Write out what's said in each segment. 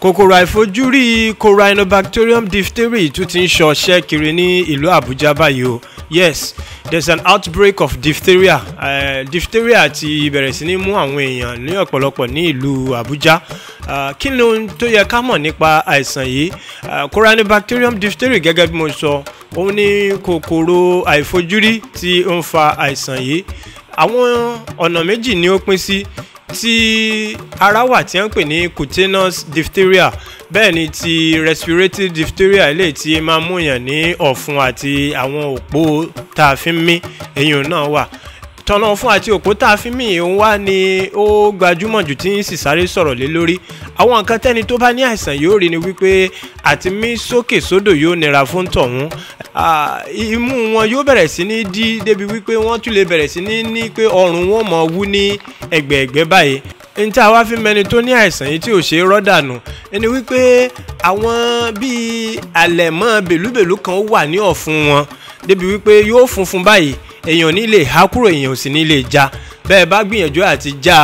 kòkòrò àìfojúrí corynebacterium diphtheria tún ti ń ṣọṣẹ́ kiri ní ìlú Àbújá báyìí o yes there's an outbreak of diphtheria uh, diphtheria ti bẹ̀rẹ̀ sí ní mú àwọn èèyàn ní ọ̀pọ̀lọpọ̀ ní ìlú Àbújá ah, kí ni ohun tó yẹ ká mọ̀ nípa àìsàn yìí ah, corynebacterium diphtheria gẹ́gẹ́ bí mo sọ òun ni kòkòrò àìfojúrí tí ó ń fa àìsàn yìí àwọn ọ̀nà méjì ni ó pín sí. Si ti ara wà tí wọ́n ń pè ní cutaneous diphtheria bẹ́ẹ̀ ni ti respiratory diphtheria eléyìí tí máa mú yàn ní ọ̀fun àti àwọn òpó tá a fi ń mí èyàn náà wà tọ́nà ọ̀fun àti òpó tá a fi mí òun wá ni ó gbajúmọ̀ jù tí ń sì sáré sọ̀rọ̀ lé lórí àwọn nǹkan tẹ́ni tó bá ní àìsàn yóò rí ni wípé àti mí sókè sódò yóò nira fún tọ̀hún imú wọn yóò bẹ̀rẹ̀ sí ní dí débi wípé wọ́n tún lè bẹ̀rẹ̀ sí ní ní pé ọrùn wọn mọ̀ wú ní ẹgbẹ̀ẹ̀gbẹ́ báyìí n tí a wá fi mẹni tó ní àìsàn yìí tí ò ṣe é rọ́dànù ẹni wípé àwọn bíi àlẹ̀mọ́ bèlúbèlú kan wà ní ọ̀fun wọn débi wípé yóò funfun báyìí èèyàn ní lè há kúrò èèyàn ò sì ní já bẹ́ẹ̀ bá gbìyànjú àti já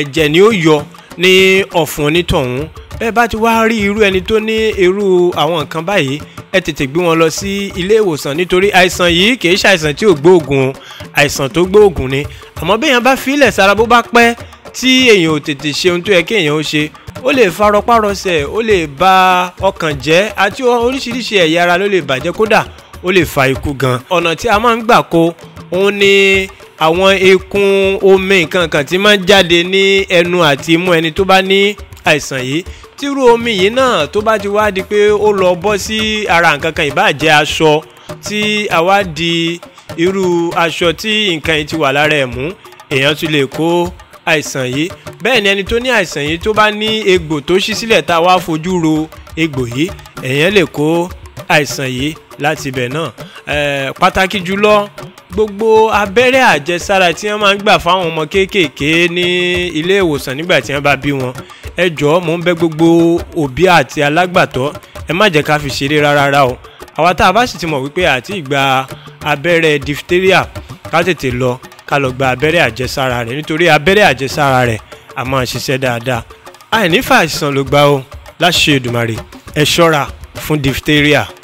ẹ̀jẹ̀ ni ó yọ ní ọ̀fun onítọ̀hún bẹ́ẹ̀ bá ti wá rí irú ẹni tó ní irú àwọn nǹkan báyìí ẹ tètè gbé wọn lọ sí ilé ìwòsàn nítorí àìsàn yìí kì í ṣe àìsàn tí ò gbóògùn o àìsàn tó gbóògùn ni àmọ́ béèyàn bá filẹ̀ sára bó bá pẹ́ tí èèyàn ò tètè ṣe ohun tó yẹ kí èèyàn ó ṣe ó lè farọpárọsẹ̀ ó lè ba ọkàn jẹ́ àti oríṣiríṣi ẹ̀yà ara ló lè bàjẹ́ kódà ó lè fa ikú gan ọ̀nà tí a máa ń gbà kó òun ni àwọn eékún omi nǹkan kan tí máa ń jáde ní ẹnu àti imú ẹni tó bá ní àìsàn yìí tírú omi yìí náà tó bá ti wá di pé ó lọ bọ́ sí ara nǹkan kan ìbáà aṣọ tí àwa di irú aṣọ tí nǹkan yìí ti wà lára ẹ̀ mú èèyàn tún lè kó àìsàn yìí bẹ́ẹ̀ ni ẹni tó ní àìsàn yìí tó bá ní egbò tó ṣí sílẹ̀ tá a wá fojú ro egbò yìí èèyàn lè kó àìsàn yìí láti ibẹ̀ náà pàtàkì jùlọ gbogbo abẹ́rẹ́ àjẹsára tí wọ́n máa ń gbà fáwọn ọmọ kéékèèké ní ilé ìwòsàn nígbà tí wọ́n bá bí wọn ẹ jọ̀ọ́ mò ń bẹ̀ gbogbo òbí àti alágbàtọ́ ẹ má jẹ́ ká fi ṣeré rárá o àwa tá a bá sì ti mọ̀ wípé àti ìgbà abẹ́rẹ́ diphtheria ká tètè lọ ká lọ gba abẹ́rẹ́ àjẹsára rẹ̀ nítorí abẹ́rẹ́ àjẹsára rẹ̀ a máa ṣiṣẹ́ dáadáa àìnífà àìsàn ló gbà o láṣẹ Èdùmàrè ẹ ṣọ́ra fún diphtheria.